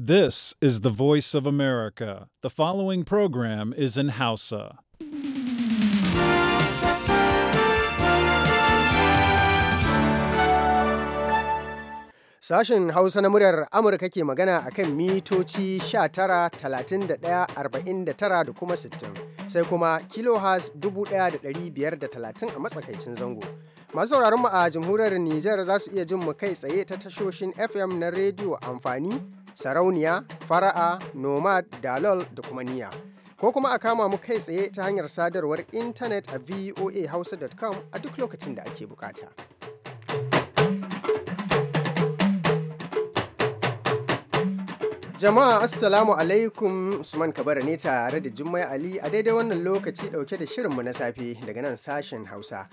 This is the voice of America. The following program is in Hausa. Sashen Hausa na muryar Amurka ke magana a kan mitoci 19, 31, 49 da kuma 60, sai kuma kilohas 1530 a matsakaicin zango. Masu sauraron mu a jamhuriyar Nijar za su iya jin mu kai tsaye ta tashoshin FM na rediyo amfani sarauniya fara'a nomad dalol da kuma niya ko kuma a kama mu kai tsaye ta hanyar sadarwar intanet a voahausa.com a duk lokacin da ake bukata. Jama'a Assalamu alaikum Usman Kabara ne tare da Jummai Ali a daidai wannan lokaci dauke da shirinmu na safe daga nan sashen Hausa.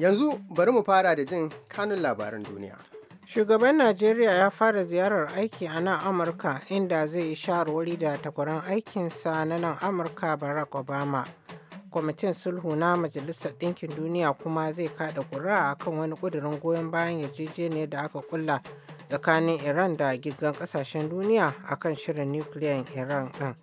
Yanzu bari mu fara da jin kanun labaran duniya. Shugaban Najeriya ya fara ziyarar aiki a nan Amurka inda zai yi shawarwari da takwaran aikinsa na nan Amurka Barack Obama. Kwamitin sulhu na Majalisar Ɗinkin Duniya kuma zai kada ƙuri'a akan wani ƙudurin goyon bayan yarjejeniyar da aka kulla tsakanin Iran da gigan ƙasashen duniya akan shirin nukiliyan Iran ɗin.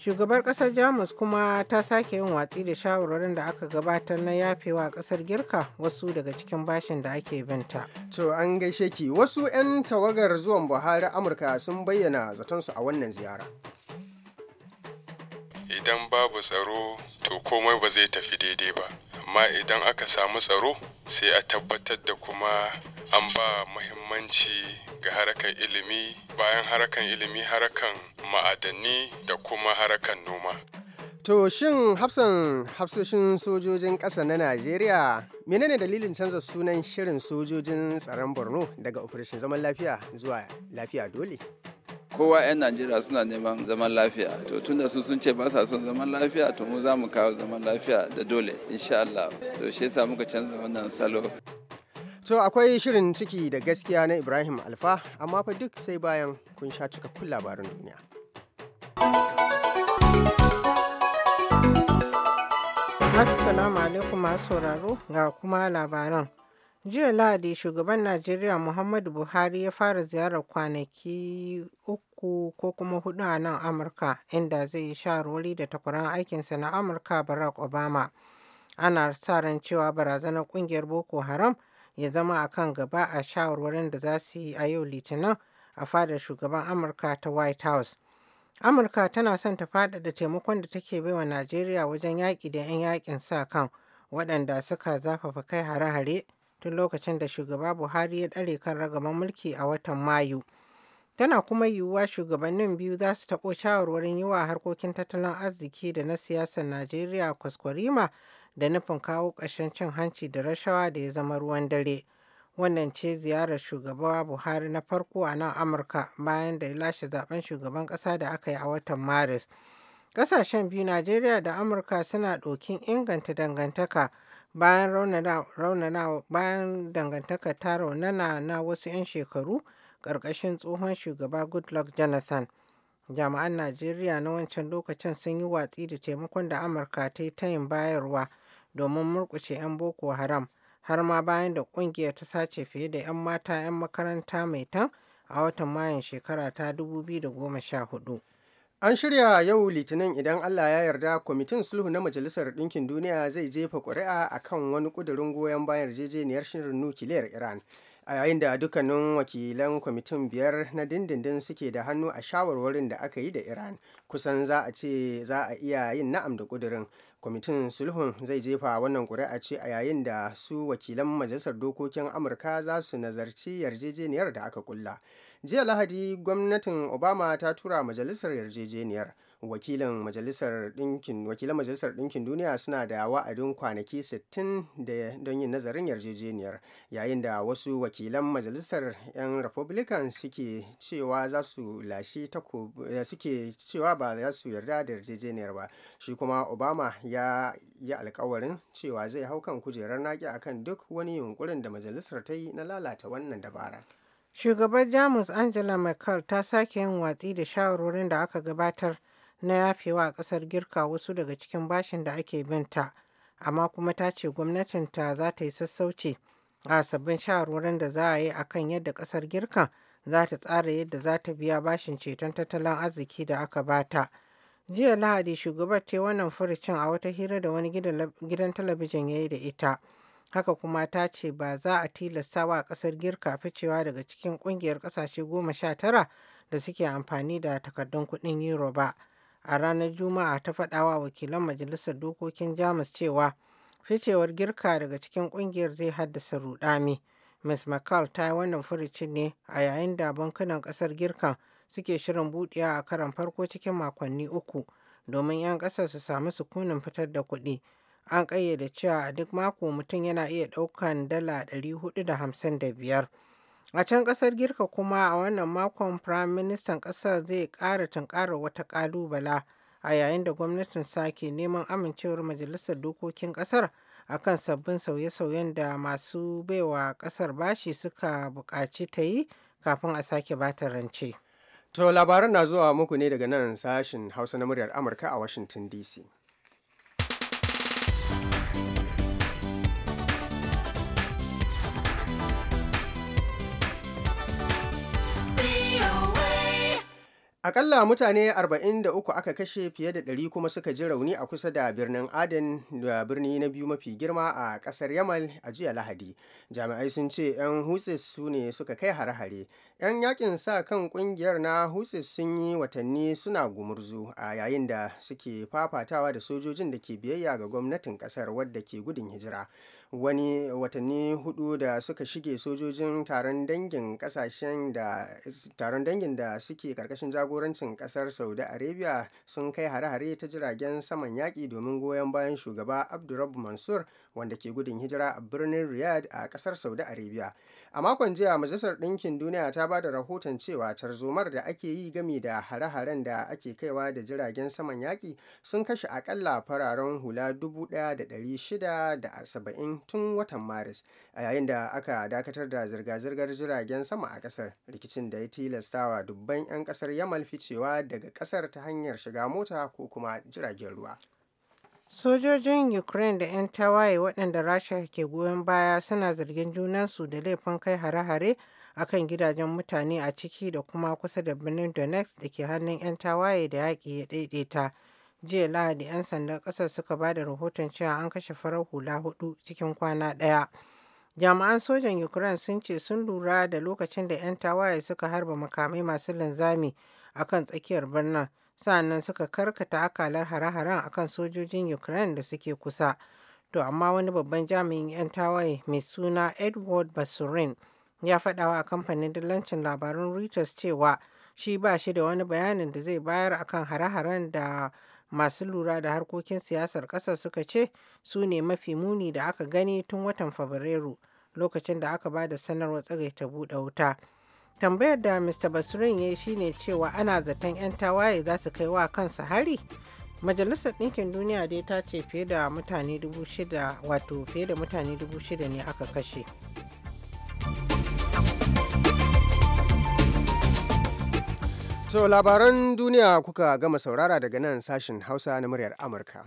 shugabar kasar jamus kuma ta sake yin watsi da shawarwarin da aka gabatar na yafewa kasar girka wasu daga cikin bashin da ake binta to an gaishe ki wasu 'yan tawagar zuwan buhari amurka sun bayyana zaton su a wannan ziyara idan babu tsaro to komai ba zai tafi daidai ba amma idan aka samu tsaro sai a tabbatar da kuma an ba muhimmanci ga harakan ilimi bayan harakan ilimi harakan ma'adanni da kuma harakan noma. To shin hafsan hafsoshin sojojin ƙasa na Najeriya menene dalilin canza sunan shirin sojojin tsaron Borno daga operation zaman lafiya zuwa lafiya dole? kowa 'yan najeriya suna neman zaman lafiya to tun da su sun ce ba sa son zaman lafiya to mu za mu kawo zaman lafiya da dole insha Allah to shi yasa muka canza wannan salo to akwai shirin ciki da gaskiya na Ibrahim Alfa amma fa duk sai bayan kun sha cikakkun labarin duniya Assalamu alaikum masu sauraro ga kuma labaran. Jiya Lahadi shugaban Najeriya Muhammadu Buhari ya fara ziyarar kwanaki uku ko kuma hudu a nan Amurka inda zai yi shawarwari da takwaran aikinsa na Amurka Barack Obama. Ana sa ran cewa barazanar kungiyar Boko Haram ya zama a kan gaba a shawarwarin da za su yi a yau Litinin a fadar shugaban Amurka ta White House. Amurka tana son ta faɗaɗa taimakon da take bai wa Najeriya wajen yaƙi da 'yan yaƙin sa kan waɗanda suka zafafa kai hare-hare tun lokacin da shugaba Buhari ya ɗare kan ragaman mulki a watan Mayu. Tana kuma yiwuwa shugabannin biyu za su taɓo shawarwarin yi wa harkokin tattalin arziki da na siyasar Najeriya kwaskwarima da nufin kawo ƙarshen cin hanci da rashawa da ya zama ruwan dare. Wannan ce ziyarar shugaba Buhari na farko a nan Amurka bayan da ya lashe zaben shugaban ƙasa da aka yi a watan Maris. Ƙasashen biyu Najeriya da Amurka suna ɗokin inganta dangantaka bayan bayan dangantaka ta raunana na wasu 'yan shekaru ƙarƙashin tsohon shugaba goodluck jonathan jami'an najeriya na wancan lokacin sun yi watsi da taimakon da amurka ta yi tayin bayarwa domin murƙushe 'yan boko haram har ma bayan da ƙungiyar ta sace fiye da 'yan mata 'yan makaranta mai tan a watan Mayan shekara ta 2014 An shirya yau Litinin idan Allah ya yarda kwamitin sulhu na Majalisar Ɗinkin Duniya zai jefa ƙuri'a a kan wani ƙudurin goyon bayan yarjejeniyar shirin nukiliyar Iran. A yayin da dukkanin wakilan kwamitin biyar na dindindin suke da hannu a shawarwarin da aka yi da Iran, kusan za a ce za a iya yin na'am da ƙudurin. kwamitin sulhun zai jefa wannan ƙuri'a ce a yayin da su wakilan majalisar dokokin amurka za su nazarci yarjejeniyar da aka kulla jiya lahadi gwamnatin obama ta tura majalisar yarjejeniyar wakilin majalisar ɗinkin wakilan majalisar ɗinkin duniya suna da wa'adin kwanaki 60 don yin nazarin yarjejeniyar yayin da wasu wakilan majalisar 'yan republican suke cewa za su lashi suke cewa ba za su yarda da yarjejeniyar ba shi kuma obama ya yi alkawarin cewa zai hau kan kujerar naki akan duk wani yunkurin da majalisar ta yi na lalata wannan dabara Shugabar Jamus Angela Merkel ta sake yin watsi da shawarwarin da aka gabatar na yafewa a ƙasar Girka wasu daga cikin bashin da ake binta, amma kuma ta ce gwamnatinta za ta yi sassauci a sabbin shawarwarin da za a yi a kan yadda ƙasar Girka za ta tsara yadda za ta biya bashin ceton tattalin arziki da aka bata. Jiya Lahadi shugabar ta wannan furucin a wata hira da wani gidan talabijin ya yi da ita. haka kuma ta ce ba za a tilasta wa ƙasar girka ficewa daga cikin ƙungiyar ƙasashe goma sha tara da suke amfani da takardun kuɗin euro ba a ranar juma'a ta faɗawa wakilan majalisar dokokin jamus cewa ficewar girka daga cikin ƙungiyar zai haddasa rudami ms mccall ta yi wannan furucin ne a yayin da bankunan ƙasar girkan suke shirin buɗewa a karan farko cikin makonni uku domin 'yan ƙasar su samu sukunin fitar da kuɗi an ƙayyade cewa a duk mako mutum yana iya ɗaukan dala 455. A can ƙasar Girka kuma a wannan makon prime minister ƙasar zai ƙara tunkarar wata ƙalubala a yayin da gwamnatin sake neman amincewar Majalisar Dokokin ƙasar kan sabbin sauye-sauyen da masu baiwa ƙasar bashi suka buƙaci ta yi kafin a sake bata rance. To labaran na zuwa muku ne daga nan sashin Hausa na muryar Amurka a Washington DC. Akalla mutane 43 aka kashe fiye da 100 kuma suka ji rauni a kusa da birnin Aden da birni na biyu mafi girma a kasar Yamal a jiya Lahadi. Jami'ai sun ce 'yan hutsis su ne suka kai hare-hare. 'yan yakin sa kan kungiyar na hutsi sun yi watanni suna gumurzu a yayin da suke fafatawa da sojojin da ke biyayya ga gwamnatin kasar wadda ke gudun hijira wani watanni hudu da suka shige sojojin taron dangin da suke karkashin jagorancin kasar saudi arabia sun kai hare-hare ta jiragen saman yaƙi domin goyon bayan shugaba abdurrab mansur wanda ke gudun hijira a birnin riyadh a kasar saudi arabia a makon jiya majalisar ɗinkin duniya ta ba da rahoton cewa tarzomar da ake yi gami da hare-haren da ake kaiwa da jiragen saman yaƙi sun kashe akalla fararen hula 1,670 tun watan maris a yayin da aka dakatar da zirga-zirgar jiragen sama a ƙasar rikicin da ya tilastawa dubban 'yan ƙasar yamal ficewa daga ƙasar ta hanyar shiga mota ko kuma jiragen ruwa Sojojin Ukraine da 'yan tawaye waɗanda Rasha ke goyon baya suna zargin junansu da laifin kai hare-hare akan gidajen mutane a ciki da kuma kusa da birnin donex da ke hannun 'yan tawaye da yaƙi ya daidaita. Jiya Lahadi 'yan sandan ƙasar suka ba da rahoton cewa an kashe farar hula hudu cikin kwana ɗaya. Jami'an sojan Ukraine sun ce sun lura da lokacin da 'yan tawaye suka harba makamai masu linzami a kan tsakiyar birnin, sa'annan suka karkata akalar hare-haren akan sojojin Ukraine da suke kusa. To amma wani babban jami'in 'yan tawaye mai suna Edward Basurin ya faɗawa a kamfanin dillancin labarun reuters cewa shi ba shi da wani bayanin da zai bayar akan hare-haren da masu lura da harkokin siyasar ƙasar suka ce su ne mafi muni da aka gani tun watan fabrairu lokacin da aka ba da sanarwar tsagaita buɗe wuta tambayar da mr basirin ya yi shine cewa ana zaton 'yan tawaye za su kai wa kansu hari majalisar ɗinkin duniya dai ta ce fiye da mutane dubu shida wato fiye da mutane dubu shida ne aka kashe To labaran duniya kuka gama saurara daga nan sashen Hausa na muryar Amurka.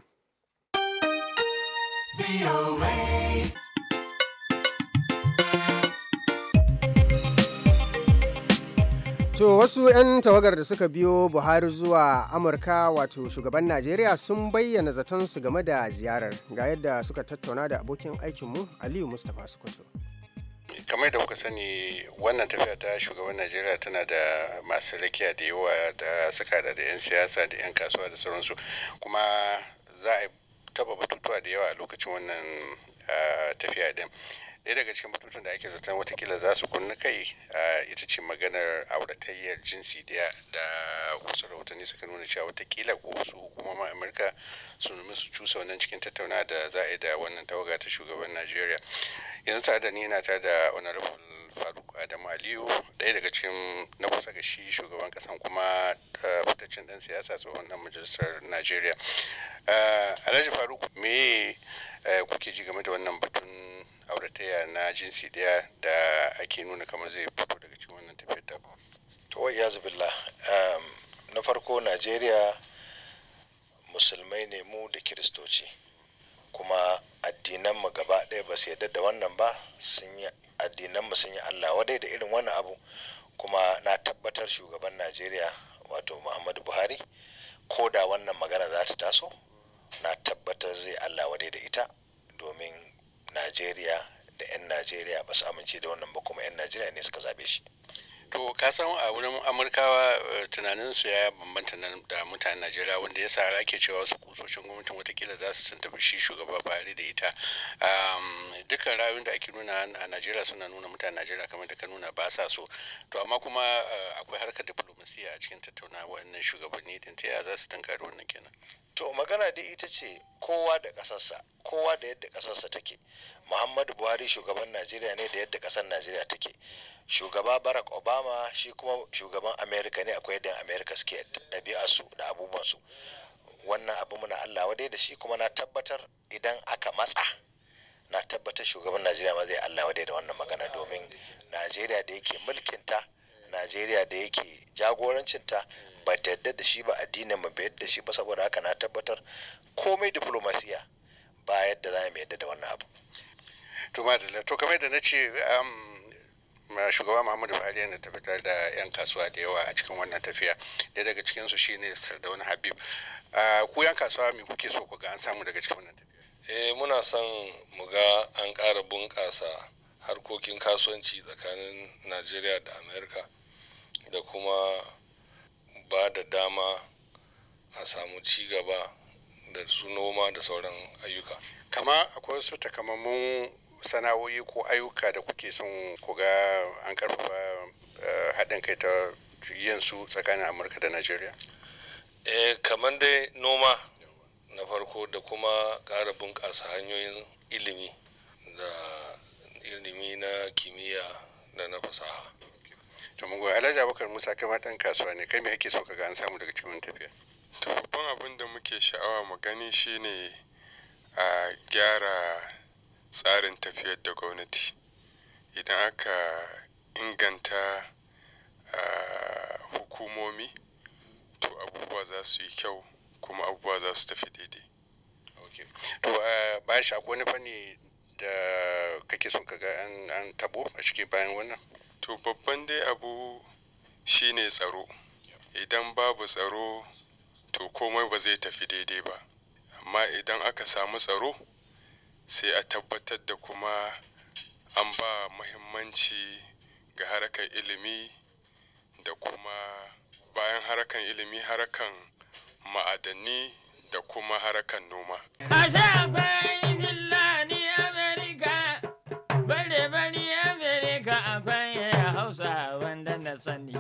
To wasu 'yan tawagar da suka biyo Buhari zuwa Amurka wato shugaban Najeriya sun bayyana zaton su game da ziyarar ga yadda suka tattauna da abokin aikinmu Aliyu Mustapha Sokoto. kamar da kuka sani wannan tafiya ta shugaban najeriya tana da masu rakiya da yawa da suka da da 'yan siyasa da 'yan kasuwa da sauransu kuma za a taba batutuwa da yawa a lokacin wannan ah, tafiya din ɗaya daga cikin batutun da ake zaton watakila za su kunna kai ita ce maganar auratayyar jinsi daya da wasu rahotanni suka nuna cewa watakila ko wasu ma amurka su nemi su cusa wannan cikin tattauna da za a yi da wannan tawaga ta shugaban najeriya yanzu ta da ni yana ta da honorable faruk adamu aliyu ɗaya daga cikin na kusa ga shi shugaban kasan kuma fitaccen ɗan siyasa tsohon ɗan majalisar najeriya alhaji faruk me eh, kuke ji game da wannan batun auratayya na jinsi daya da ake nuna kamar zai fito daga cikin wannan tafiyar ta to wai ya um, na farko najeriya musulmai ne mu da kiristoci kuma addinan mu gaba ɗaya ba su yadda da wannan ba sun mu sun yi allah wadai da irin wannan abu kuma na tabbatar shugaban najeriya wato muhammadu buhari ko da wannan magana za ta taso na tabbatar zai allah wadai da ita domin najeriya da 'yan najeriya ba su amince da wannan ba kuma 'yan najeriya ne suka zabe shi to ka san a wurin amurkawa eh, tunaninsu ya bambanta nan da mutanen najeriya wanda ya sa rake cewa wasu kusoshin gwamnatin watakila za su tuntuɓi shi shugaba buhari da ita dukkan rayuwar da ake nuna a najeriya suna nuna mutanen najeriya kamar da ka nuna ba sa so to amma kuma eh, akwai harkar diplomasiya a cikin tattaunawa wa'annan shugabanni din ta ya za su tunkari wannan kenan to magana dai ita ce kowa da ƙasarsa kowa da yadda ƙasarsa take muhammadu buhari shugaban najeriya ne da yadda ƙasar najeriya take shugaba barack obama shi kuma shugaban Amerika ne akwai yadda Amerika suke su da su. wannan abu muna allah wadai da shi kuma na tabbatar idan aka matsa na tabbatar shugaban najeriya ma zai allah wadai da wannan magana domin najeriya da yake mulkinta najeriya da yake jagorancinta hmm. ba ta yadda da shi ba addinin mu ba yadda shi ba saboda haka na tabbatar komai diplomasiya ba yadda za mu yadda da wannan abu to madalla to kamar da na ce um, shugaba muhammadu buhari yana tabbatar da 'yan kasuwa da yawa a cikin wannan tafiya da daga cikinsu shine sardaun habib ku 'yan kasuwa me kuke so ku ga an samu daga cikin wannan tafiya eh muna son mu ga an ƙara bunƙasa harkokin kasuwanci tsakanin najeriya da amerika da kuma ba da dama a samu ci gaba da su noma da sauran ayyuka kama akwai wasu takamammun sana'o'i ko ayyuka da kuke son ku ga an karfafa eh, haɗin kai ta yin su tsakanin amurka da najeriya eh kamar dai noma na farko da kuma ƙara bunƙasa hanyoyin ilimi da ilimi na kimiyya da na fasaha to mun goyi alhaji abubakar musa kai ma ɗan kasuwa ne kai me kake so ka ga an samu daga cikin tafiya to babban abin da muke sha'awa mu gani shine a gyara tsarin tafiyar da gwamnati idan aka inganta hukumomi to abubuwa za su yi kyau kuma abubuwa za su tafi daidai to bayan shi wani fanni da kake so ka ga an taɓo a cikin bayan wannan to babban dai abu shine tsaro idan babu tsaro to komai ba zai tafi daidai ba amma idan aka samu tsaro sai a tabbatar da kuma an ba muhimmanci ga harakan ilimi da kuma bayan harakan ilimi harakan ma'adanni da kuma harakan noma. sani.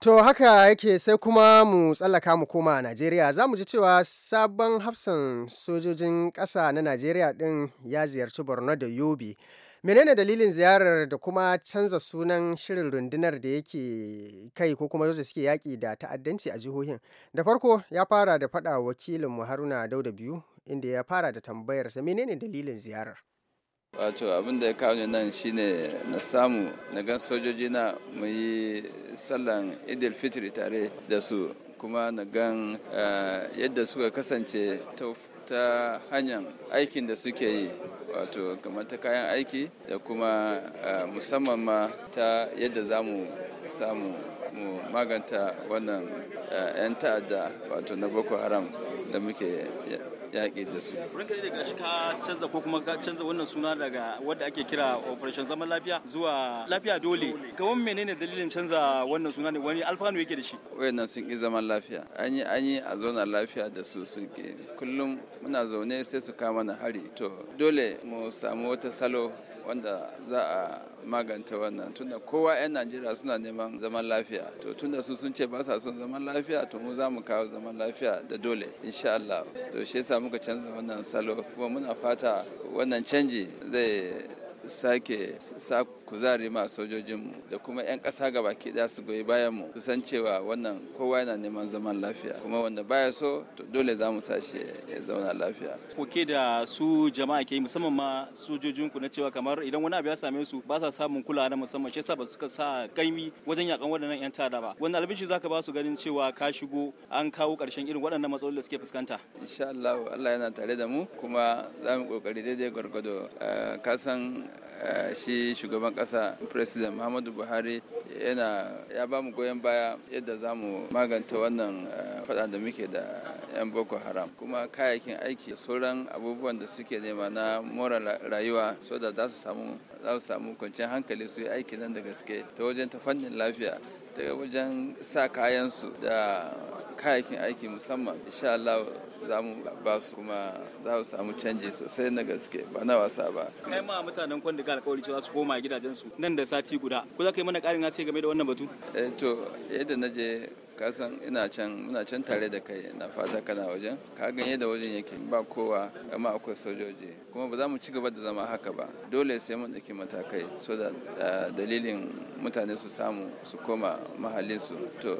To haka yake sai kuma mu tsallaka mu koma a Najeriya za mu ji cewa sabon hafsan sojojin ƙasa na Najeriya ɗin ya ziyarci Borno da Yobe. menene dalilin ziyarar da kuma canza sunan shirin rundunar da yake kai ko kuma yadda suke yaƙi da ta'addanci a jihohin da farko ya fara da faɗa wakilin mu haruna dauda biyu inda ya fara da tambayar tambayarsa menene dalilin ziyarar wato abin da ya kawo nan shine na samu na gan sojoji na mu yi sallan idil fitri tare da su kuma na gan eh, yadda suka kasance ta hanyar aikin da suke yi wato kamar ta kayan aiki da kuma eh, musamman ma ta yadda za mu samu mu maganta wannan eh, 'yan ta'adda wato na boko haram da muke yaƙi da su. Ranka ne daga shi ka canza ko kuma ka canza wannan suna daga wanda ake kira operation zaman lafiya zuwa lafiya dole. Kamar menene dalilin canza wannan suna ne wani alfanu yake da shi? Wayannan sun ƙi zaman lafiya. An yi an yi a zauna lafiya da su sun ƙi. Kullum muna zaune sai su kama na hari. To dole mu samu wata salo wanda za a magance wannan tunda kowa 'yan najeriya suna neman zaman lafiya to tunda su sun ce ba sa son zaman lafiya to mu za mu kawo zaman lafiya da dole insha Allah to shi yasa muka canza wannan salo kuma muna fata wannan canji zai sake sa kuzari ma sojojin mu da kuma 'yan ƙasa ke da su goyi bayan mu su san cewa wannan kowa yana neman zaman lafiya kuma wanda baya so to dole za mu sashi ya zauna lafiya. Ko ke da su jama'a ke musamman ma sojojin ku na cewa kamar idan wani abu ya same su ba sa samun kulawa na musamman shi yasa ba suka sa kaimi wajen yakan waɗannan 'yan tada ba. wannan albishi za ka ba su ganin cewa ka shigo an kawo ƙarshen irin waɗannan matsalolin da suke fuskanta. Insha Allah Allah yana tare da mu kuma za mu ƙoƙari daidai gwargwado eh, ka san shi shugaban kasa president muhammadu buhari yana ya ba mu goyon baya yadda za mu maganta wannan fada da muke da 'yan boko haram kuma kayayyakin aiki sauran abubuwan da suke nema na mora rayuwa so da za su samu za su samu kwanciyar hankali su yi aiki nan da gaske ta wajen ta fannin lafiya daga wajen sa kayansu da kayayyakin aiki musamman insha Allah za mu ba su kuma za su samu canji sosai na gaske ba na wasa ba kai ma mutanen kwan daga alkawari cewa su koma gidajensu nan da sati guda ko za ka yi mana ƙarin haske game da wannan batu eh to yadda na je kasan ina can muna can tare da kai na fata kana wajen ka ganye da wajen yake ba kowa amma akwai sojoji kuma ba za mu ci gaba da zama haka ba dole sai mun ɗauki matakai so da ah, dalilin mutane su samu su koma mahallinsu to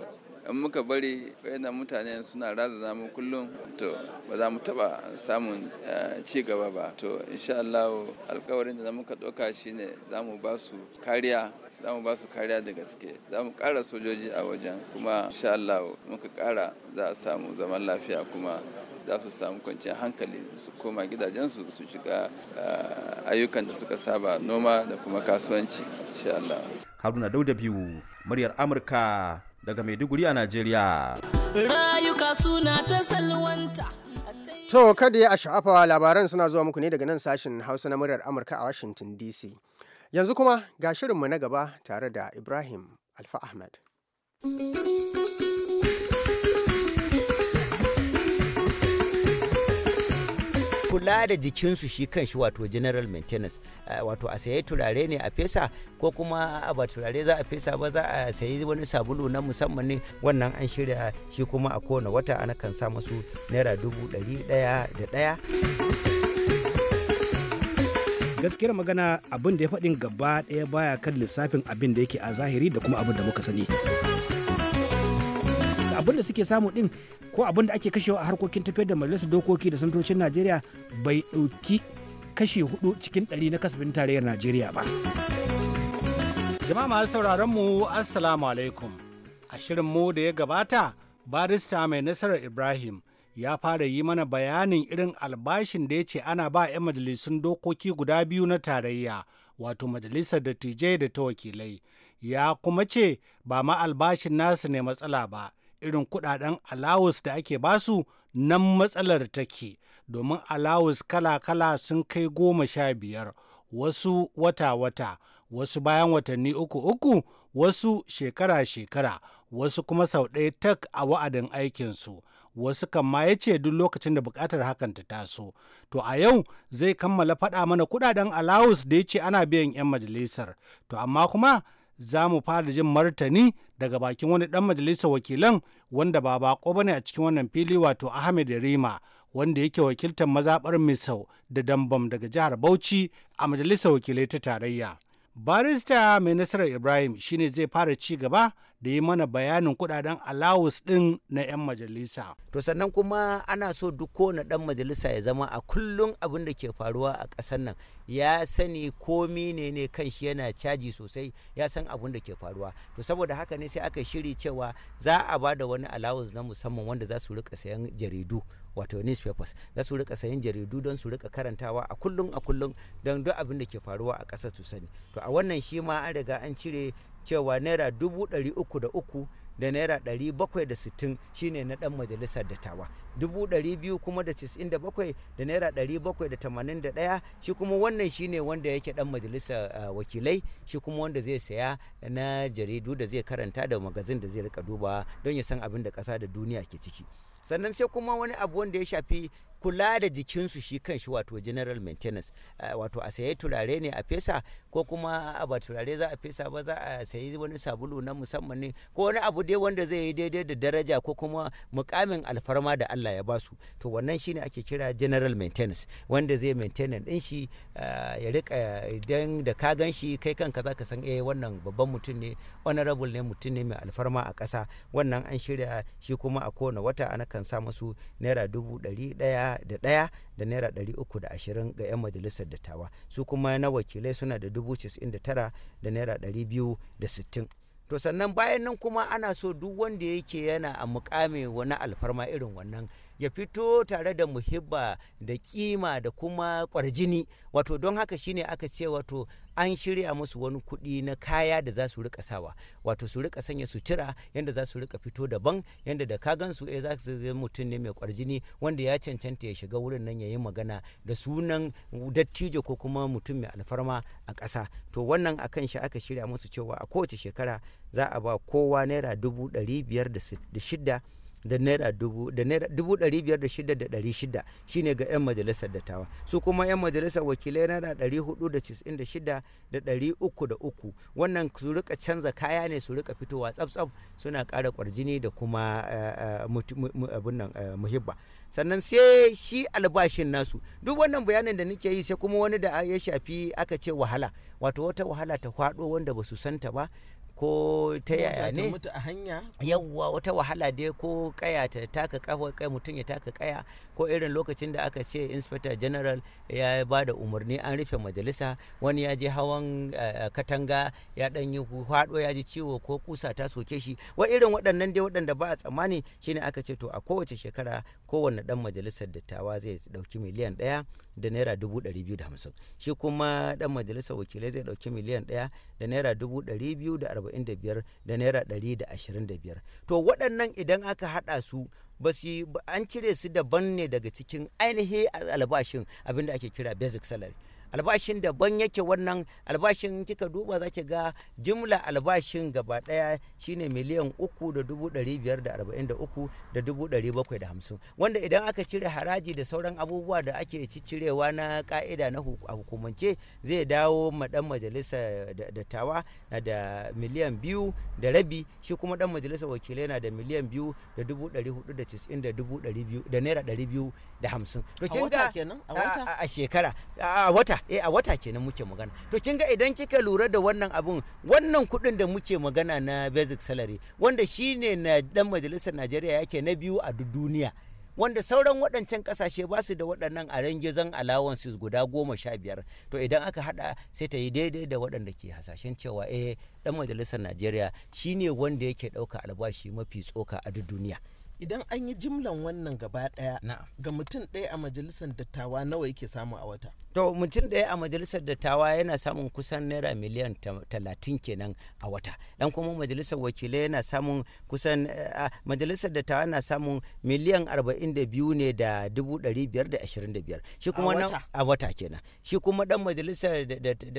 in muka bari wayannan mutane suna raza zamu kullum to ba za mu taba samun eh, ci gaba ba to insha Allah alkawarin da muka ɗauka shine za mu ba su kariya za mu ba su kariya da gaske za mu ƙara sojoji a wajen kuma insha Allah muka ƙara za a samu zaman lafiya kuma za su samu kwanciyar hankali su koma gidajensu su shiga eh, ayyukan da suka saba noma da kuma kasuwanci insha Allah Haruna Dauda biyu muryar Amurka daga Maiduguri a Najeriya. Rayuka suna ta salwanta. To kada ya a sha'afa labaran suna zuwa muku ne daga nan sashen Hausa na muryar Amurka a Washington DC. Yanzu kuma ga shirinmu na gaba tare da Ibrahim Alfa Ahmed. kula da jikinsu shi kan shi wato general maintenance eh, wato a sayi turare ne a fesa ko kuma a ba turare za a fesa ba za a sayi wani sabulu na musamman ne wannan an shirya shi kuma a kowane wata ana kan sa masu naira dubu ɗari ɗaya da ɗaya. gaskiyar magana abin da ya faɗin gaba ɗaya baya kan lissafin abin da yake a zahiri da kuma abin da muka sani. abin da suke samu din ko abin da ake kashewa a harkokin tafiyar da majalisar dokoki da santocin najeriya bai ɗauki kashe hudu cikin dari na kasafin tarayyar najeriya ba jama'a masu sauraron mu assalamu alaikum a shirin mu da ya gabata barista mai nasarar ibrahim ya fara yi mana bayanin irin albashin da ya ce ana ba 'yan majalisun dokoki guda biyu na tarayya wato majalisar da dattijai da ta wakilai ya kuma ce ba ma albashin nasu ne matsala ba irin kudaden alawus da ake basu nan matsalar take domin alawus kala-kala sun kai goma sha biyar wasu wata-wata wasu bayan watanni uku-uku wasu shekara-shekara wasu kuma sau ɗaya tak a wa'adin aikinsu wasu kan ma ya ce duk lokacin da bukatar hakan ta taso to a yau zai kammala faɗa mana kudaden alawus da ya ce ana biyan 'yan majalisar to amma kuma za mu fara jin martani daga bakin wani dan majalisar wakilan wanda ba bako bane a cikin wannan fili wato Ahmed Rima wanda yake wakiltar mazaɓar Misau da Dambam daga jihar Bauchi a majalisar wakilai ta tarayya. Barista mai nasarar Ibrahim shine zai fara ci gaba da yi mana bayanin kudaden alawus din na 'yan majalisa. To sannan kuma ana so duk kowane dan majalisa ya zama a kullum abin da ke faruwa a kasar nan ya sani komi ne ne kan shi yana caji sosai ya san abin da ke faruwa. To saboda haka ne sai aka shiri cewa za a ba da wani alawus na musamman wanda za su rika sayan jaridu wato newspapers za su rika sayan jaridu don su rika karantawa a kullum a kullum don duk abin da ke faruwa a ƙasar su sani to a wannan shi ma an riga an cire cewa naira dubu ɗari uku da uku da naira ɗari bakwai da sittin shine na ɗan majalisar dattawa dubu ɗari biyu kuma da cisin da bakwai da naira ɗari bakwai da tamanin da ɗaya shi kuma wannan shine wanda yake ɗan majalisar wakilai shi kuma wanda zai saya na jaridu da zai karanta da magazin da zai rika dubawa don ya san abin da ƙasa da duniya ke ciki sannan sai kuma wani abu wanda ya shafi kula da jikinsu shi kan shi wato general maintenance ah, wato a sayi turare ne a fesa ko kuma a ah, ba turare za a fesa ba za a sayi wani sabulu na musamman ne ko wani abu dai wanda zai yi daidai da daraja ko kuma mukamin alfarma da Allah ya basu to wannan shine ake kira general maintenance wanda zai maintainer din shi ah, ya rika idan da ka gan shi kai kanka zaka san eh wannan babban mutum ne honorable ne mutum ne mai alfarma a kasa wannan an shirya shi kuma a kowane wata ana kan sa masu naira dubu ɗari ɗaya da ɗaya da naira ɗari uku da ashirin ga 'yan majalisar dattawa su kuma na wakilai suna da dubu casa'in da tara da naira ɗari biyu da sittin to sannan bayan nan kuma ana so duk wanda yake yana a mukami wani alfarma irin wannan ya fito tare da muhibba da kima da kuma kwarjini wato don haka shine aka ce wato an shirya musu wani kuɗi na kaya da za su rika sawa wato su rika sanya sutura yadda za su rika fito daban yadda da ka gansu eh za su ga mutum ne mai kwarjini wanda ya cancanta ya shiga wurin nan ya yi magana da sunan dattijo ko kuma mutum mai alfarma a ƙasa to wannan akan shi aka shirya musu cewa a kowace shekara za a ba kowa naira dubu ɗari biyar da shida da naira dubu da naira dubu ɗari biyar da shida da ɗari shida shine ga 'yan majalisar dattawa su kuma 'yan majalisar wakilai naira ɗari hudu da cisin da shida da ɗari uku da uku wannan su rika canza kaya ne su rika fitowa tsaf-tsaf suna ƙara kwarjini da kuma eh, eh, abin eh, muhibba sannan sai shi albashin nasu duk wannan bayanin da nake yi sai kuma wani da ya shafi aka ce wahala wato wata wahala ta kwado wanda ba su santa ba ko ta yaya ne yawwa wata wahala dai ko kaya ta taka kafa kai mutum ya taka kaya ko irin lokacin da aka ce inspector general ya ba da umarni an rufe majalisa wani ya je hawan eh, katanga ya dan yi hado ya ji ciwo ko kusa ta soke shi wa irin waɗannan dai waɗanda ba a tsammani shine aka ce to a kowace shekara kowanne dan majalisar dattawa zai dauki miliyan ɗaya da naira dubu ɗari biyu da hamsin shi kuma ɗan majalisar wakilai zai ɗauki miliyan ɗaya da naira dubu ɗari biyu da arba'in da biyar da naira ɗari da ashirin da biyar to waɗannan idan aka haɗa su ba an cire su daban ne daga cikin ainihin albashin abinda ake kira basic salary albashin daban yake wannan albashin kika duba za ki ga jimla albashin gaba daya shine miliyan uku da dubu ɗari biyar da arba'in da uku da dubu ɗari bakwai da hamsin wanda idan aka cire haraji da sauran abubuwa da ake cirewa na ka'ida na hukumance zai dawo ma dan majalisa dattawa na da miliyan biyu da rabi shi kuma dan majalisa wakilai na da miliyan biyu da dubu ɗari hudu da cisin da dubu biyu da naira ɗari biyu da hamsin. a wata kenan a wata a shekara a wata wata eh a wata kenan muke magana to kin ga idan kika lura da wannan abun wannan kuɗin da muke magana na basic salary wanda shine na dan majalisar Najeriya yake na biyu a duniya wanda sauran waɗancan kasashe ba su da waɗannan a rangizon allowances guda goma sha biyar to idan aka haɗa sai ta yi daidai da waɗanda ke hasashen cewa eh ɗan majalisar najeriya shine wanda yake ɗauka albashi mafi tsoka a duk duniya idan an yi jimlan wannan gaba ɗaya ga mutum ɗaya a majalisar dattawa nawa yake samu a wata to mutum ɗaya a majalisar dattawa yana samun kusan naira miliyan talatin kenan a wata dan kuma majalisar wakilai yana samun kusan eh, majalisar dattawa yana samun miliyan arba'in da biyu ne da dubu ɗari biyar da ashirin da biyar shi kuma a wata kenan shi kuma dan majalisar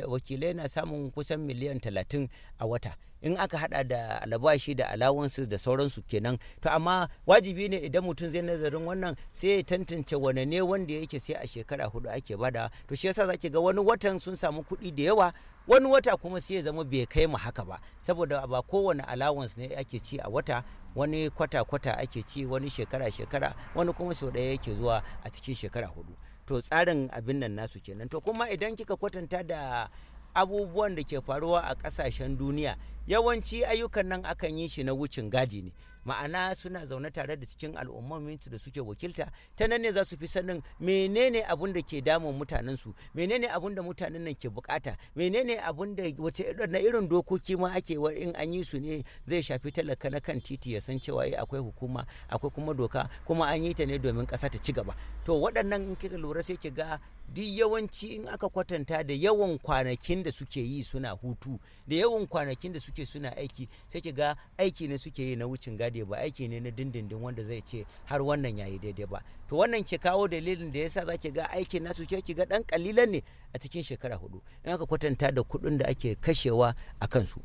wakilai yana samun kusan miliyan talatin a wata in aka hada da albashi da alawansu da sauransu kenan to amma wajibi ne idan mutum zai nazarin wannan sai ya tantance wane ne wanda yake sai a shekara hudu ake bada to shi yasa zaki ga wani watan sun samu kuɗi da yawa wani wata kuma sai ya zama bai kai mu haka ba saboda ba kowane allowance ne ake ci a wata wani kwata-kwata ake ci wani shekara-shekara wani kuma sau ɗaya yake zuwa a cikin shekara hudu to tsarin abin nan nasu kenan to kuma idan kika kwatanta da abubuwan da ke faruwa a kasashen duniya yawanci ayyukan nan akan yi shi na wucin gadi ne ma'ana suna zaune tare da cikin minti da suke wakilta ta nan ne za su fi sanin menene abun da ke damun mutanensu menene abun da mutanen nan ke bukata menene abun da wace na irin dokoki ma ake wa in an yi su ne zai shafi talaka na kan titi ya san cewa eh, akwai hukuma akwai kuma doka kuma an yi ta ne domin kasa ta ci gaba to waɗannan in kika lura sai ki ga duk yawanci in aka kwatanta da yawan kwanakin da suke yi suna hutu da yawan kwanakin da suke suna aiki sai ki ga aiki ne suke yi na wucin gadi ba aiki ne na dindindin wanda zai ce har wannan yayi daidai ba to wannan ke kawo dalilin da yasa zaki ga aikin nasu ce ki ga dan kalilan ne a cikin shekara hudu in aka kwatanta da kuɗin da ake kashewa a kansu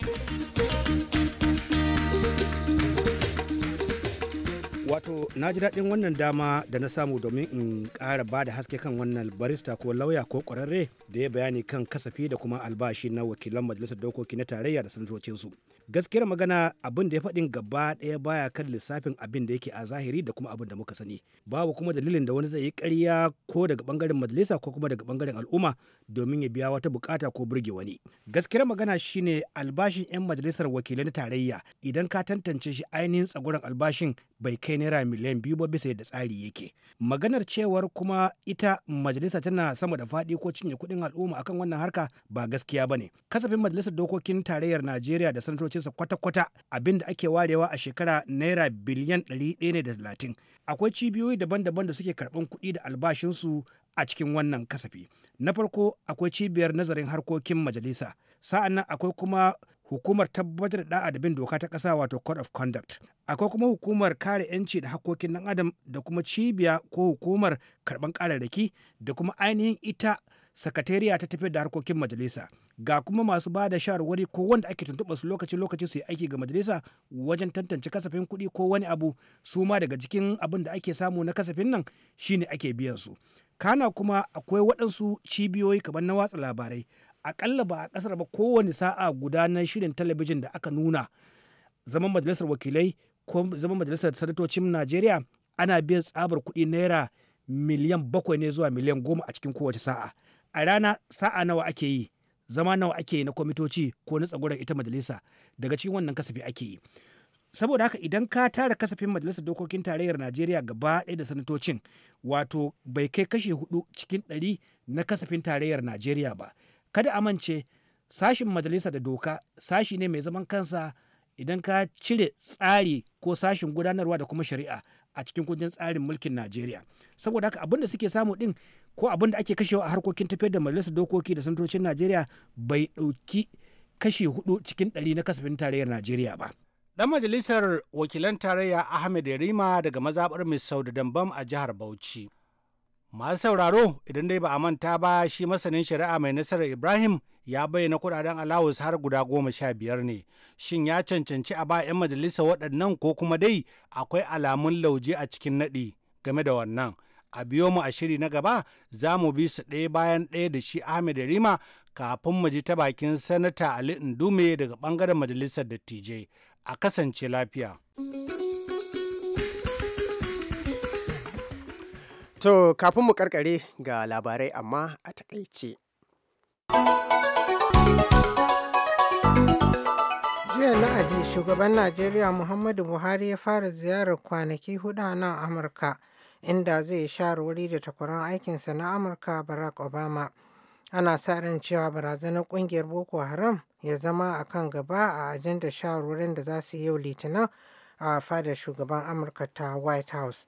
wato na ji daɗin wannan dama da na samu domin in ƙara ba da haske kan wannan barista ko lauya ko ƙwararre da ya bayani kan kasafi da kuma albashi na wakilan majalisar dokoki na tarayya da sanatocinsu gaskiyar magana abin da ya faɗin gaba ɗaya baya kan lissafin abin da yake a zahiri da kuma abin da muka sani babu kuma dalilin da wani zai yi ƙarya ko daga bangaren majalisa ko kuma daga bangaren al'umma domin ya biya wata bukata ko burge wani gaskiyar magana shine albashin 'yan majalisar wakilai na tarayya idan ka tantance shi ainihin tsagurin albashin bai kai naira miliyan biyu ba bisa yadda tsari yake maganar cewar kuma ita majalisa tana sama da faɗi ko cinye kuɗin al'umma akan wannan harka ba gaskiya ne kasafin majalisar dokokin tarayyar najeriya da sanatoci ɗauke sa kwata-kwata abinda ake warewa a shekara naira biliyan 130 akwai cibiyoyi daban-daban da suke karɓan kuɗi da albashinsu a cikin wannan kasafi na farko akwai cibiyar nazarin harkokin majalisa sa'an nan akwai kuma hukumar tabbatar da da'a da bin doka ta ƙasa wato code of conduct akwai kuma hukumar kare 'yanci da hakkokin ɗan adam da kuma cibiya ko hukumar karɓan ƙararraki da kuma ainihin ita sakatariya ta tafiyar da harkokin majalisa ga kuma masu ba da shawarwari ko wanda ake tuntuɓa su lokaci lokaci su yi aiki ga majalisa wajen tantance kasafin kuɗi ko wani abu su ma daga cikin abin da ake samu na kasafin nan shine ake biyan su kana kuma akwai waɗansu cibiyoyi kamar na watsa labarai akalla ba a ƙasar ba kowane sa'a guda na shirin talabijin da aka nuna zaman majalisar wakilai ko zaman majalisar sanatocin najeriya ana biyan tsabar kuɗi naira miliyan bakwai ne zuwa miliyan goma a cikin kowace sa'a a rana sa'a nawa ake yi zama nawa ake yi na kwamitoci ko na tsagurar ita majalisa daga cikin wannan kasafi ake yi saboda haka idan ka tara kasafin majalisar dokokin tarayyar najeriya gaba ɗaya da sanatocin wato bai kai kashe hudu cikin ɗari na kasafin tarayyar najeriya ba kada amince sashin majalisa da doka sashi ne mai zaman kansa idan ka cire tsari ko sashin gudanarwa da kuma shari'a a cikin kundin tsarin mulkin najeriya saboda haka abin da suke samu din. ko abin da ake kashewa a harkokin tafiyar da majalisar dokoki da sanatocin najeriya bai ɗauki kashe hudu cikin ɗari na kasafin tarayyar najeriya ba dan majalisar wakilan tarayya ahmed yarima daga mazabar mai sau da dambam a jihar bauchi masu sauraro idan dai ba a manta ba shi masanin shari'a mai nasarar ibrahim ya bayyana kudaden alawus har guda goma sha biyar ne shin ya cancanci a ba 'yan majalisa waɗannan ko kuma dai akwai alamun lauje a cikin naɗi game da wannan a biyo mu a shiri na gaba za mu bi su ɗaya bayan ɗaya da shi Ahmed Rima kafin mu ji ta bakin sanata Ali Indume daga bangaren majalisar dattijai a kasance lafiya. To kafin mu karkare ga labarai amma a takaice. jiya lahadi shugaban najeriya muhammadu buhari ya fara ziyarar kwanaki hudu a nan amurka inda zai yi shawarwari da takwaran aikinsa na Amurka Barack Obama. Ana sa ran cewa barazanar kungiyar Boko Haram ya zama a kan gaba a ajanda shawarwarin da za su yi yau Litinin a fadar shugaban Amurka ta White House.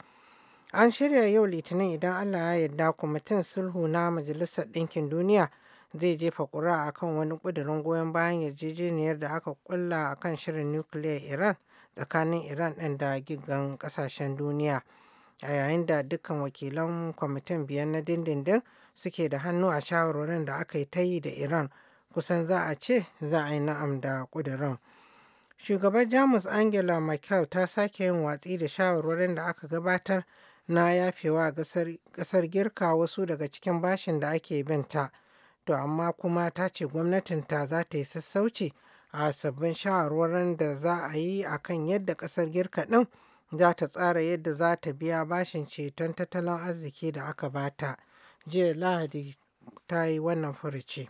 An shirya yau Litinin idan Allah ya yarda kwamitin sulhu na Majalisar Ɗinkin Duniya zai jefa ƙuri'a kan wani ƙudurin goyon bayan yarjejeniyar da aka kulla kan shirin nukiliyar Iran tsakanin Iran ɗin da gigan ƙasashen duniya. a yayin da dukkan wakilan kwamitin biyar na dindindin suke da hannu a shawarwarin da aka yi ta yi da iran kusan za a ce za a yi na'am da ƙudurin shugaban jamus angela merkel ta sake yin watsi da shawarwarin da aka gabatar na yafewa kasar girka wasu daga cikin bashin da ake binta to amma kuma ta ce gwamnatinta za ta yi sassauci a sabbin shawarwarin da za a yi akan yadda kasar girka ɗin za ta tsara yadda za ta biya bashin ceton tattalin arziki da aka bata. Jiya Lahadi ta yi wannan furuci.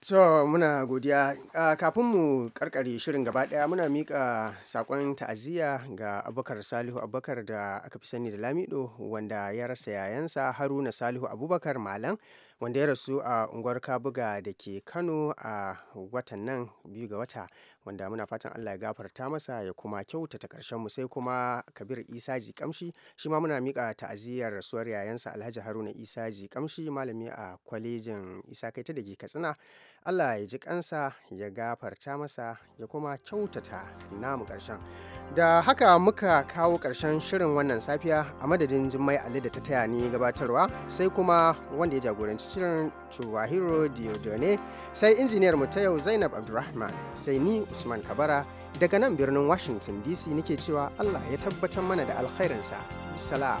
To muna godiya kafin mu karkare shirin gaba daya muna mika sakon ta'aziyya ga Abubakar Salihu Abubakar da aka fi sani da Lamido wanda ya rasa yayansa Haruna Salihu Abubakar Malam wanda ya rasu a unguwar Kabuga da ke Kano a watan nan biyu ga wata wanda muna fatan Allah ya gafarta masa ya kuma kyautata karshen mu sai kuma Kabir Isa ji kamshi shi ma muna mika ta'aziyar rasuwar yayansa Alhaji Haruna Isa ji kamshi malami a kwalejin Isa Kaita da dake Katsina Allah ya ji kansa ya gafarta masa ya kuma kyautata namu karshen da haka muka kawo karshen shirin wannan safiya a madadin Jummai Ali da ta taya ni gabatarwa sai kuma wanda ya jagoranci shirin Chuwahiro Diodone sai injiniyar mu ta yau Zainab Abdulrahman sai ni Usman Kabara daga nan birnin Washington DC nake cewa Allah ya tabbatar mana da alkhairinsa. Salam.